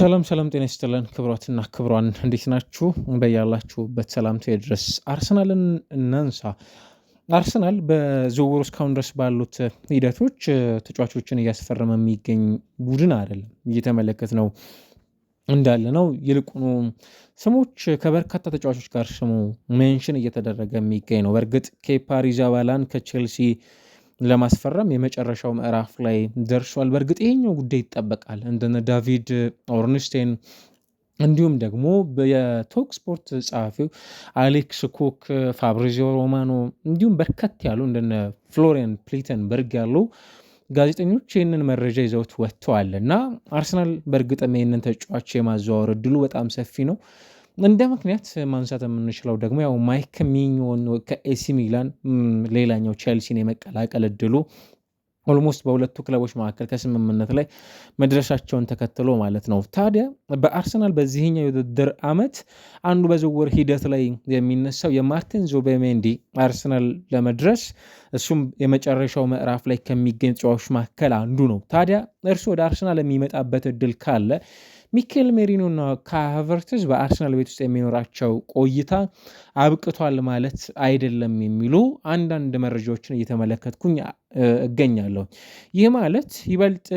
ሰላም ሰላም፣ ጤና ይስጥልን ክብሯትና ክብሯን፣ እንዴት ናችሁ? በያላችሁበት ሰላምታ ይድረስ። አርሰናልን እናንሳ። አርሰናል በዝውውሩ እስካሁን ድረስ ባሉት ሂደቶች ተጫዋቾችን እያስፈረመ የሚገኝ ቡድን አይደለም፣ እየተመለከት ነው እንዳለ ነው። ይልቁኑ ስሞች ከበርካታ ተጫዋቾች ጋር ስሙ ሜንሽን እየተደረገ የሚገኝ ነው። በእርግጥ ኬፓ አሪዛባላን ከቼልሲ ለማስፈረም የመጨረሻው ምዕራፍ ላይ ደርሷል። በእርግጥ ይሄኛው ጉዳይ ይጠበቃል። እንደነ ዳቪድ ኦርንስቴን እንዲሁም ደግሞ የቶክ ስፖርት ጸሐፊው አሌክስ ኩክ፣ ፋብሪዚዮ ሮማኖ እንዲሁም በርከት ያሉ እንደነ ፍሎሪያን ፕሊተንበርግ ያሉ ጋዜጠኞች ይህንን መረጃ ይዘውት ወጥተዋል እና አርሰናል በእርግጥም ይህንን ተጫዋች የማዘዋወር እድሉ በጣም ሰፊ ነው። እንደ ምክንያት ማንሳት የምንችለው ደግሞ ያው ማይክ ሚኞን ከኤሲ ሚላን ሌላኛው ቼልሲን የመቀላቀል እድሉ ኦልሞስት በሁለቱ ክለቦች መካከል ከስምምነት ላይ መድረሻቸውን ተከትሎ ማለት ነው። ታዲያ በአርሰናል በዚህኛው የውድድር ዓመት አንዱ በዝውውር ሂደት ላይ የሚነሳው የማርቲን ዙቤሜንዲ አርሰናል ለመድረስ እሱም የመጨረሻው ምዕራፍ ላይ ከሚገኝ ተጫዋቾች መካከል አንዱ ነው። ታዲያ እርሱ ወደ አርሰናል የሚመጣበት እድል ካለ ሚኬል ሜሪኖና ከሀቨርትዝ በአርሰናል ቤት ውስጥ የሚኖራቸው ቆይታ አብቅቷል ማለት አይደለም የሚሉ አንዳንድ መረጃዎችን እየተመለከትኩኝ እገኛለሁ። ይህ ማለት ይበልጥ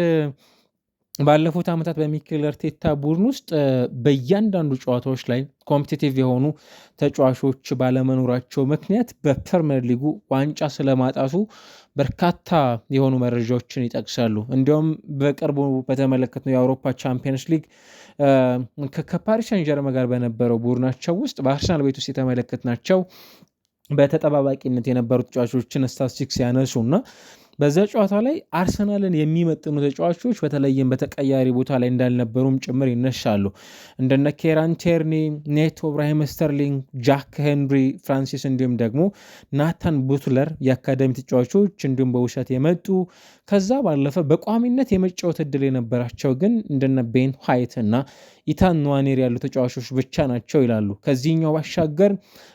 ባለፉት ዓመታት በሚኬል አርቴታ ቡድን ውስጥ በእያንዳንዱ ጨዋታዎች ላይ ኮምፒቲቲቭ የሆኑ ተጫዋቾች ባለመኖራቸው ምክንያት በፕሪምየር ሊጉ ዋንጫ ስለማጣቱ በርካታ የሆኑ መረጃዎችን ይጠቅሳሉ። እንዲሁም በቅርቡ በተመለከትነው የአውሮፓ ቻምፒየንስ ሊግ ከፓሪስ ሰን ጀርመን ጋር በነበረው ቡድናቸው ውስጥ በአርሰናል ቤት ውስጥ የተመለከትናቸው በተጠባባቂነት የነበሩ ተጫዋቾችን ስታትስቲክስ ያነሱ እና በዛ ጨዋታ ላይ አርሰናልን የሚመጥኑ ተጫዋቾች በተለይም በተቀያሪ ቦታ ላይ እንዳልነበሩም ጭምር ይነሻሉ። እንደነ ኬራን ቴርኒ፣ ኔቶ፣ ብራሂም ስተርሊንግ፣ ጃክ ሄንሪ ፍራንሲስ እንዲሁም ደግሞ ናታን ቡትለር የአካዳሚ ተጫዋቾች እንዲሁም በውሸት የመጡ ከዛ ባለፈ በቋሚነት የመጫወት እድል የነበራቸው ግን እንደነ ቤን ዋይት እና ኢታን ንዋኔር ያሉ ተጫዋቾች ብቻ ናቸው ይላሉ። ከዚህኛው ባሻገር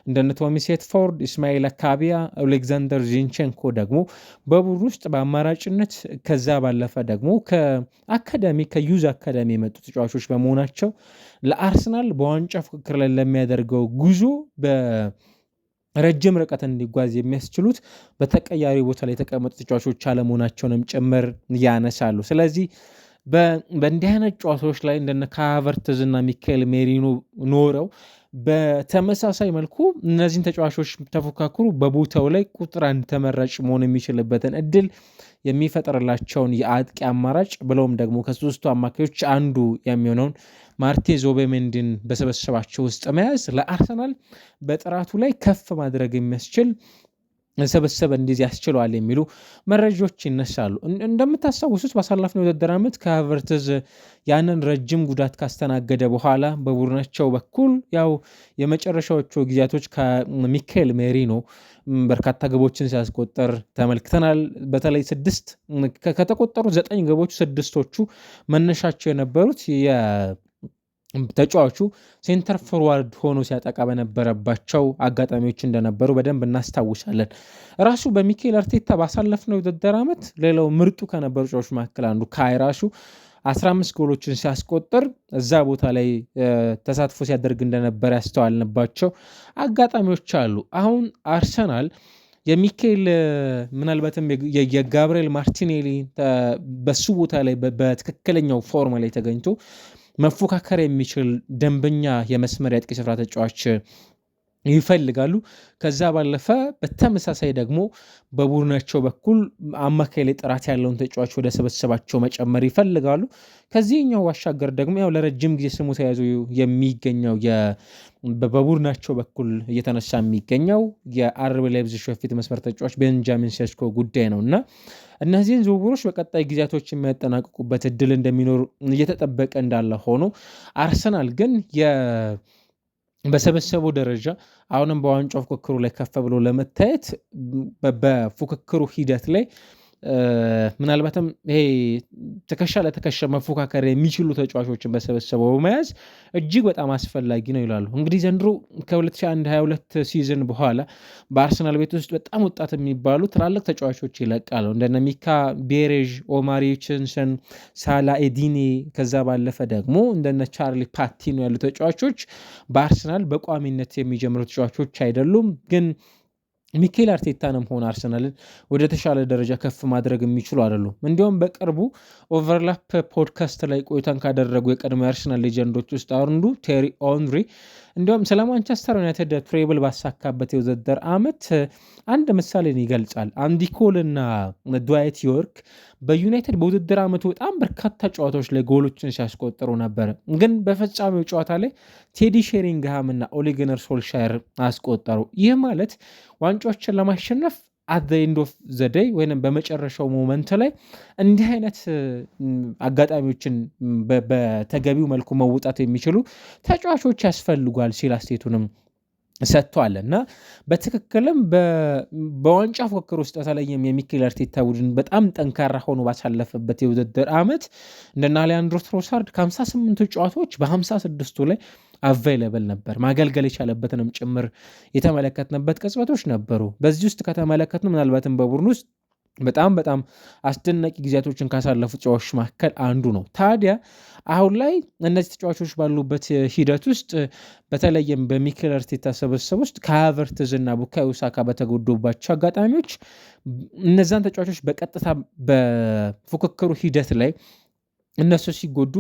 እንደነ ቶሚ ሴትፎርድ፣ ኢስማኤል አካቢያ፣ ኦሌግዛንደር ዚንቼንኮ ደግሞ በቡድን ውስጥ በአማራጭነት ከዛ ባለፈ ደግሞ ከአካዳሚ ከዩዝ አካዳሚ የመጡ ተጫዋቾች በመሆናቸው ለአርሰናል በዋንጫ ፉክክር ላይ ለሚያደርገው ጉዞ ረጅም ርቀት እንዲጓዝ የሚያስችሉት በተቀያሪ ቦታ ላይ የተቀመጡ ተጫዋቾች አለመሆናቸውንም ጭምር ያነሳሉ። ስለዚህ በእንዲህ አይነት ጨዋታዎች ላይ እንደነ ካቨርትዝ እና ሚካኤል ሜሪኖ ኖረው በተመሳሳይ መልኩ እነዚህን ተጫዋቾች ተፎካክሩ በቦታው ላይ ቁጥር አንድ ተመራጭ መሆን የሚችልበትን እድል የሚፈጥርላቸውን የአጥቂ አማራጭ ብለውም ደግሞ ከሶስቱ አማካዮች አንዱ የሚሆነውን ማርቴዝ ኦቤሜንዲን በሰበሰባቸው ውስጥ መያዝ ለአርሰናል በጥራቱ ላይ ከፍ ማድረግ የሚያስችል ሰበሰበ እንዲዚህ ያስችለዋል የሚሉ መረጃዎች ይነሳሉ። እንደምታስታውሱት ባሳለፍነው የውድድር ዓመት ከሀቨርትዝ ያንን ረጅም ጉዳት ካስተናገደ በኋላ በቡድናቸው በኩል ያው የመጨረሻዎቹ ጊዜያቶች ከሚካኤል ሜሪኖ በርካታ ግቦችን ሲያስቆጠር ተመልክተናል። በተለይ ስድስት ከተቆጠሩ ዘጠኝ ግቦች ስድስቶቹ መነሻቸው የነበሩት ተጫዋቹ ሴንተር ፎርዋርድ ሆኖ ሲያጠቃ በነበረባቸው አጋጣሚዎች እንደነበሩ በደንብ እናስታውሳለን። ራሱ በሚኬል አርቴታ ባሳለፍነው የውድድር ዓመት ሌላው ምርጡ ከነበሩ ተጫዋቾች መካከል አንዱ ካይ ራሱ 15 ጎሎችን ሲያስቆጥር እዛ ቦታ ላይ ተሳትፎ ሲያደርግ እንደነበር ያስተዋልንባቸው አጋጣሚዎች አሉ። አሁን አርሰናል የሚካኤል ምናልባትም የጋብርኤል ማርቲኔሊ በሱ ቦታ ላይ በትክክለኛው ፎርም ላይ ተገኝቶ መፎካከር የሚችል ደንበኛ የመስመር የአጥቂ ስፍራ ተጫዋች ይፈልጋሉ። ከዛ ባለፈ በተመሳሳይ ደግሞ በቡድናቸው በኩል አማካይ ላይ ጥራት ያለውን ተጫዋች ወደ ስብስባቸው መጨመር ይፈልጋሉ። ከዚህኛው ባሻገር ደግሞ ያው ለረጅም ጊዜ ስሙ ተያይዞ የሚገኘው በቡድናቸው በኩል እየተነሳ የሚገኘው የአርቢ ላይፕዚግ የፊት መስመር ተጫዋች ቤንጃሚን ሴስኮ ጉዳይ ነው እና እነዚህን ዝውውሮች በቀጣይ ጊዜያቶች የሚያጠናቅቁበት እድል እንደሚኖር እየተጠበቀ እንዳለ ሆኖ አርሰናል ግን በሰበሰበው ደረጃ አሁንም በዋንጫው ፉክክሩ ላይ ከፍ ብሎ ለመታየት በፉክክሩ ሂደት ላይ ምናልባትም ይሄ ትከሻ ለትከሻ መፎካከር የሚችሉ ተጫዋቾችን በሰበሰበው መያዝ እጅግ በጣም አስፈላጊ ነው ይላሉ። እንግዲህ ዘንድሮ ከ2021/22 ሲዝን በኋላ በአርሰናል ቤት ውስጥ በጣም ወጣት የሚባሉ ትላልቅ ተጫዋቾች ይለቃሉ። እንደነ ሚካ ቤሬዥ፣ ኦማሪ ቺንሰን፣ ሳላ ኤዲኔ ከዛ ባለፈ ደግሞ እንደነ ቻርሊ ፓቲኖ ያሉ ተጫዋቾች በአርሰናል በቋሚነት የሚጀምሩ ተጫዋቾች አይደሉም ግን ሚኬል አርቴታንም ሆነ አርሰናልን ወደ ተሻለ ደረጃ ከፍ ማድረግ የሚችሉ አይደሉም። እንዲሁም በቅርቡ ኦቨርላፕ ፖድካስት ላይ ቆይታን ካደረጉ የቀድሞ የአርሰናል ሌጀንዶች ውስጥ አንዱ ቴሪ ኦንሪ እንዲሁም ስለ ማንቸስተር ዩናይትድ ትሬብል ባሳካበት የውድድር ዓመት አንድ ምሳሌን ይገልጻል። አንዲ ኮልና ድዋይት ዮርክ በዩናይትድ በውድድር ዓመቱ በጣም በርካታ ጨዋታዎች ላይ ጎሎችን ሲያስቆጥሩ ነበር። ግን በፈጻሚው ጨዋታ ላይ ቴዲ ሼሪንግሃም እና ኦሊግነር ሶልሻየር አስቆጠሩ። ይህ ማለት ዋንጫዎችን ለማሸነፍ አት ኤንድ ኦፍ ዘደይ ወይም በመጨረሻው ሞመንት ላይ እንዲህ አይነት አጋጣሚዎችን በተገቢው መልኩ መውጣት የሚችሉ ተጫዋቾች ያስፈልጓል ሲል አስቴቱንም ሰጥቷል እና በትክክልም በዋንጫ ፉክክር ውስጥ በተለይም የሚኬል አርቴታ ቡድን በጣም ጠንካራ ሆኖ ባሳለፈበት የውድድር ዓመት እንደና ሊያንድሮ ትሮሳርድ ከ58 ጨዋታዎች በ56ቱ ላይ አቫይለብል ነበር። ማገልገል የቻለበትንም ጭምር የተመለከትንበት ቅጽበቶች ነበሩ። በዚህ ውስጥ ከተመለከትን ምናልባትም በቡድን ውስጥ በጣም በጣም አስደናቂ ጊዜያቶችን ካሳለፉ ተጫዋቾች መካከል አንዱ ነው። ታዲያ አሁን ላይ እነዚህ ተጫዋቾች ባሉበት ሂደት ውስጥ በተለይም በሚኬል አርቴታ ስብስብ ውስጥ ከሃቨርትዝና ቡካዮ ሳካ በተጎዱባቸው አጋጣሚዎች እነዛን ተጫዋቾች በቀጥታ በፉክክሩ ሂደት ላይ እነሱ ሲጎዱ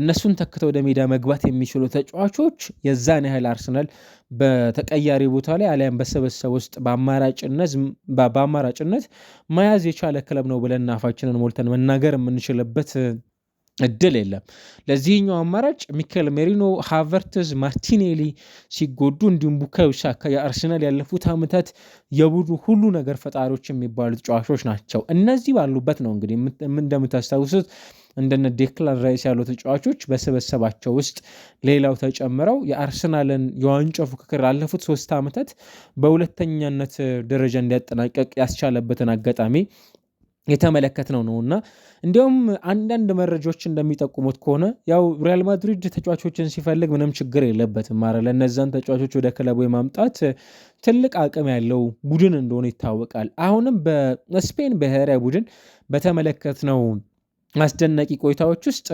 እነሱን ተክተው ወደ ሜዳ መግባት የሚችሉ ተጫዋቾች የዛን ያህል አርሰናል በተቀያሪ ቦታ ላይ አሊያም በሰበሰብ ውስጥ በአማራጭነት መያዝ የቻለ ክለብ ነው ብለን አፋችንን ሞልተን መናገር የምንችልበት እድል የለም። ለዚህኛው አማራጭ ሚካኤል ሜሪኖ፣ ሃቨርትዝ፣ ማርቲኔሊ ሲጎዱ እንዲሁም ቡካዮ ሳካ የአርሰናል ያለፉት ዓመታት የቡድኑ ሁሉ ነገር ፈጣሪዎች የሚባሉ ተጫዋቾች ናቸው። እነዚህ ባሉበት ነው እንግዲህ እንደምታስታውሱት እንደነ ዴክላን ራይስ ያሉ ተጫዋቾች በስብስባቸው ውስጥ ሌላው ተጨምረው የአርሰናልን የዋንጫ ፉክክር ላለፉት ሶስት ዓመታት በሁለተኛነት ደረጃ እንዲያጠናቀቅ ያስቻለበትን አጋጣሚ የተመለከት ነው እና እንዲሁም አንዳንድ መረጃዎች እንደሚጠቁሙት ከሆነ ያው ሪያል ማድሪድ ተጫዋቾችን ሲፈልግ ምንም ችግር የለበትም። ማረ ለእነዛን ተጫዋቾች ወደ ክለቡ የማምጣት ትልቅ አቅም ያለው ቡድን እንደሆነ ይታወቃል። አሁንም በስፔን ብሔራዊ ቡድን ነው አስደናቂ ቆይታዎች ውስጥ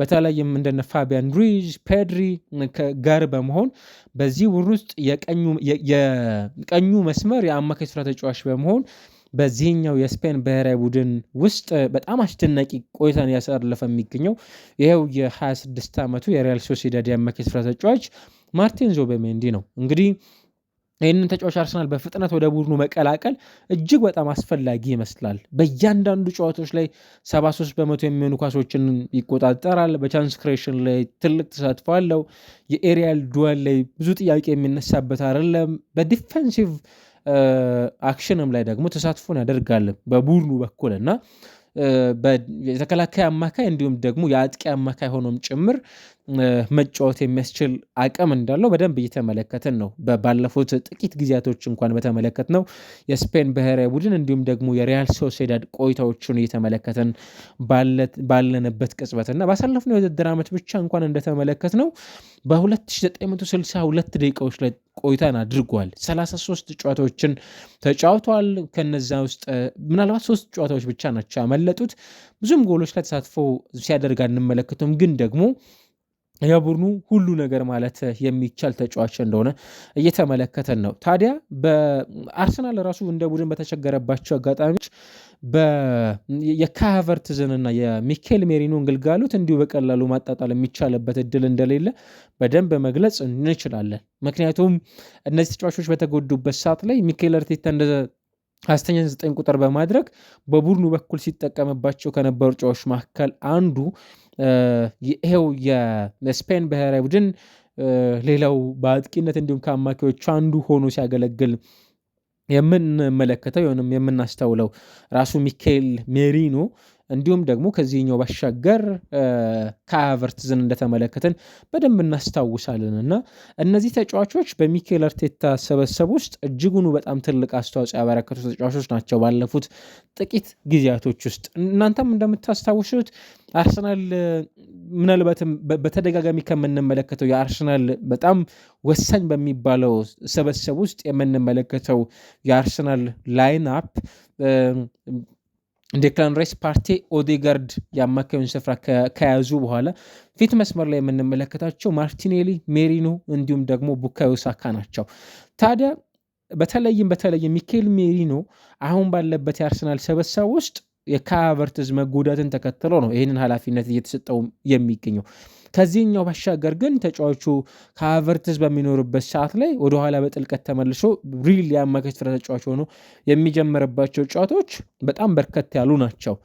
በተለይም እንደነ ፋቢያን ሩይዝ፣ ፔድሪ ጋር በመሆን በዚህ ውር ውስጥ የቀኙ መስመር የአማካይ ስፍራ ተጫዋች በመሆን በዚህኛው የስፔን ብሔራዊ ቡድን ውስጥ በጣም አስደናቂ ቆይታን እያሳለፈ የሚገኘው ይኸው የ26 ዓመቱ የሪያል ሶሲዳድ የአማካይ ስፍራ ተጫዋች ማርቲን ዙቢሜንዲ ነው እንግዲህ ይህንን ተጫዋች አርሰናል በፍጥነት ወደ ቡድኑ መቀላቀል እጅግ በጣም አስፈላጊ ይመስላል። በእያንዳንዱ ጨዋታዎች ላይ 73 በመቶ የሚሆኑ ኳሶችን ይቆጣጠራል። በቻንስ ክሬሽን ላይ ትልቅ ተሳትፎ አለው። የኤሪያል ዱዋል ላይ ብዙ ጥያቄ የሚነሳበት አይደለም። በዲፌንሲቭ አክሽንም ላይ ደግሞ ተሳትፎን ያደርጋል በቡድኑ በኩል እና የተከላካይ አማካይ እንዲሁም ደግሞ የአጥቂ አማካይ ሆኖም ጭምር መጫወት የሚያስችል አቅም እንዳለው በደንብ እየተመለከትን ነው። ባለፉት ጥቂት ጊዜያቶች እንኳን በተመለከት ነው የስፔን ብሔራዊ ቡድን እንዲሁም ደግሞ የሪያል ሶሴዳድ ቆይታዎቹን እየተመለከትን ባለንበት ቅጽበት እና ባሳለፍነው የውድድር ዓመት ብቻ እንኳን እንደተመለከት ነው በ2962 ደቂቃዎች ላይ ቆይታን አድርጓል። 33 ጨዋታዎችን ተጫውተዋል። ከነዚ ውስጥ ምናልባት ሶስት ጨዋታዎች ብቻ ናቸው ያመለጡት። ብዙም ጎሎች ላይ ተሳትፎ ሲያደርግ አንመለከቱም፣ ግን ደግሞ የቡድኑ ሁሉ ነገር ማለት የሚቻል ተጫዋች እንደሆነ እየተመለከተን ነው። ታዲያ በአርሰናል ራሱ እንደ ቡድን በተቸገረባቸው አጋጣሚዎች የካቨርትዝንና የሚኬል ሜሪኖ ግልጋሎት እንዲሁ በቀላሉ ማጣጣል የሚቻልበት እድል እንደሌለ በደንብ መግለጽ እንችላለን። ምክንያቱም እነዚህ ተጫዋቾች በተጎዱበት ሰዓት ላይ ሚኬል አርቴታ እንደዛ ዘጠኝ ቁጥር በማድረግ በቡድኑ በኩል ሲጠቀምባቸው ከነበሩ ተጫዋቾች መካከል አንዱ ይሄው የስፔን ብሔራዊ ቡድን ሌላው በአጥቂነት እንዲሁም ከአማካዮቹ አንዱ ሆኖ ሲያገለግል የምንመለከተው ወይም የምናስተውለው ራሱ ሚካኤል ሜሪኖ እንዲሁም ደግሞ ከዚህኛው ባሻገር ከሀቨርትዝን እንደተመለከትን በደንብ እናስታውሳለን እና እነዚህ ተጫዋቾች በሚኬል አርቴታ ሰበሰብ ውስጥ እጅጉኑ በጣም ትልቅ አስተዋጽኦ ያበረከቱ ተጫዋቾች ናቸው። ባለፉት ጥቂት ጊዜያቶች ውስጥ እናንተም እንደምታስታውሱት አርሰናል ምናልባትም በተደጋጋሚ ከምንመለከተው የአርሰናል በጣም ወሳኝ በሚባለው ስብስብ ውስጥ የምንመለከተው የአርሰናል ላይን አፕ ዴክላን ራይስ ፓርቴ ኦዴጋርድ የአማካዩን ስፍራ ከያዙ በኋላ ፊት መስመር ላይ የምንመለከታቸው ማርቲኔሊ፣ ሜሪኖ እንዲሁም ደግሞ ቡካዮ ሳካ ናቸው። ታዲያ በተለይም በተለይ ሚኬል ሜሪኖ አሁን ባለበት የአርሰናል ሰበሰብ ውስጥ የካቨርትዝ መጎዳትን ተከትሎ ነው ይህንን ኃላፊነት እየተሰጠው የሚገኘው። ከዚህኛው ባሻገር ግን ተጫዋቹ ከሀቨርትዝ በሚኖርበት ሰዓት ላይ ወደኋላ በጥልቀት ተመልሶ ሪል የአማካኝ ስፍራ ተጫዋች ሆኖ የሚጀምርባቸው ጨዋታዎች በጣም በርከት ያሉ ናቸው።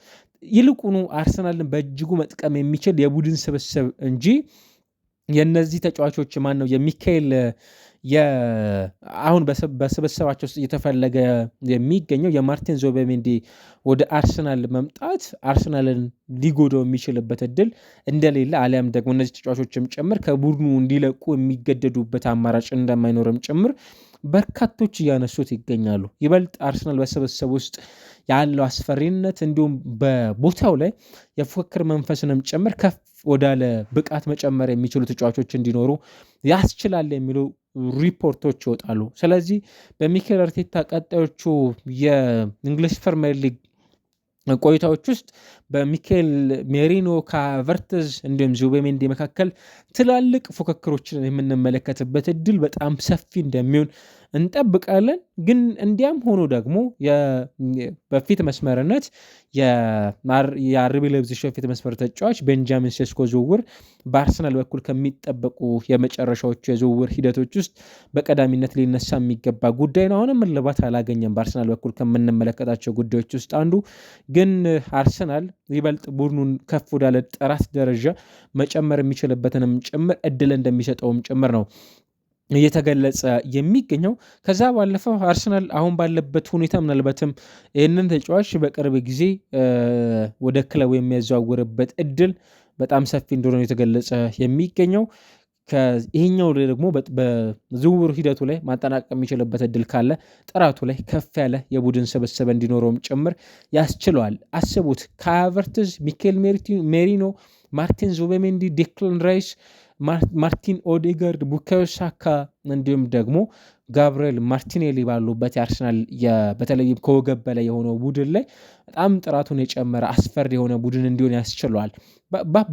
ይልቁኑ አርሰናልን በእጅጉ መጥቀም የሚችል የቡድን ስብስብ እንጂ የእነዚህ ተጫዋቾች ማን ነው የሚካኤል አሁን በስብስባቸው ውስጥ እየተፈለገ የሚገኘው የማርቲን ዙቢሜንዲ ወደ አርሰናል መምጣት አርሰናልን ሊጎዳው የሚችልበት እድል እንደሌለ አሊያም ደግሞ እነዚህ ተጫዋቾችም ጭምር ከቡድኑ እንዲለቁ የሚገደዱበት አማራጭ እንደማይኖርም ጭምር በርካቶች እያነሱት ይገኛሉ። ይበልጥ አርሰናል በስብሰብ ውስጥ ያለው አስፈሪነት እንዲሁም በቦታው ላይ የፉክክር መንፈስንም ጭምር ከፍ ወዳለ ብቃት መጨመር የሚችሉ ተጫዋቾች እንዲኖሩ ያስችላል የሚሉ ሪፖርቶች ይወጣሉ። ስለዚህ በሚኬል አርቴታ ቀጣዮቹ የእንግሊዝ ፕሪሚየር ሊግ ቆይታዎች ውስጥ በሚኬል ሜሪኖ ከቨርትዝ እንዲሁም ዙቤሜንዲ መካከል ትላልቅ ፉክክሮችን የምንመለከትበት እድል በጣም ሰፊ እንደሚሆን እንጠብቃለን። ግን እንዲያም ሆኖ ደግሞ በፊት መስመርነት የአርቢ ላይፕዚግ በፊት መስመር ተጫዋች ቤንጃሚን ሴስኮ ዝውውር በአርሰናል በኩል ከሚጠበቁ የመጨረሻዎቹ የዝውውር ሂደቶች ውስጥ በቀዳሚነት ሊነሳ የሚገባ ጉዳይ ነው። አሁንም እልባት አላገኘም። በአርሰናል በኩል ከምንመለከታቸው ጉዳዮች ውስጥ አንዱ ግን አርሰናል ይበልጥ ቡድኑን ከፍ ወዳለ ጥራት ደረጃ መጨመር የሚችልበትንም ጭምር እድል እንደሚሰጠውም ጭምር ነው እየተገለጸ የሚገኘው ከዛ ባለፈው አርሰናል አሁን ባለበት ሁኔታ ምናልባትም ይህንን ተጫዋች በቅርብ ጊዜ ወደ ክለቡ የሚያዘዋውርበት እድል በጣም ሰፊ እንደሆነ የተገለጸ የሚገኘው ይሄኛው ደግሞ በዝውውር ሂደቱ ላይ ማጠናቀቅ የሚችልበት እድል ካለ ጥራቱ ላይ ከፍ ያለ የቡድን ስብስብ እንዲኖረውም ጭምር ያስችለዋል። አስቡት ካቨርትዝ፣ ሚኬል ሜሪኖ፣ ማርቲን ዙቤሜንዲ፣ ዴክላን ራይስ ማርቲን ኦዴጋርድ፣ ቡካዮ ሻካ እንዲሁም ደግሞ ጋብርኤል ማርቲኔሊ ባሉበት የአርሰናል በተለይም ከወገብ በላይ የሆነው ቡድን ላይ በጣም ጥራቱን የጨመረ አስፈሪ የሆነ ቡድን እንዲሆን ያስችለዋል።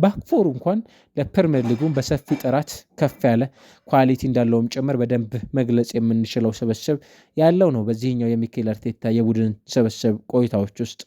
ባክፎር እንኳን ለፕሪምየር ሊጉን በሰፊ ጥራት ከፍ ያለ ኳሊቲ እንዳለውም ጭምር በደንብ መግለጽ የምንችለው ስብስብ ያለው ነው። በዚህኛው የሚኬል አርቴታ የቡድን ስብስብ ቆይታዎች ውስጥ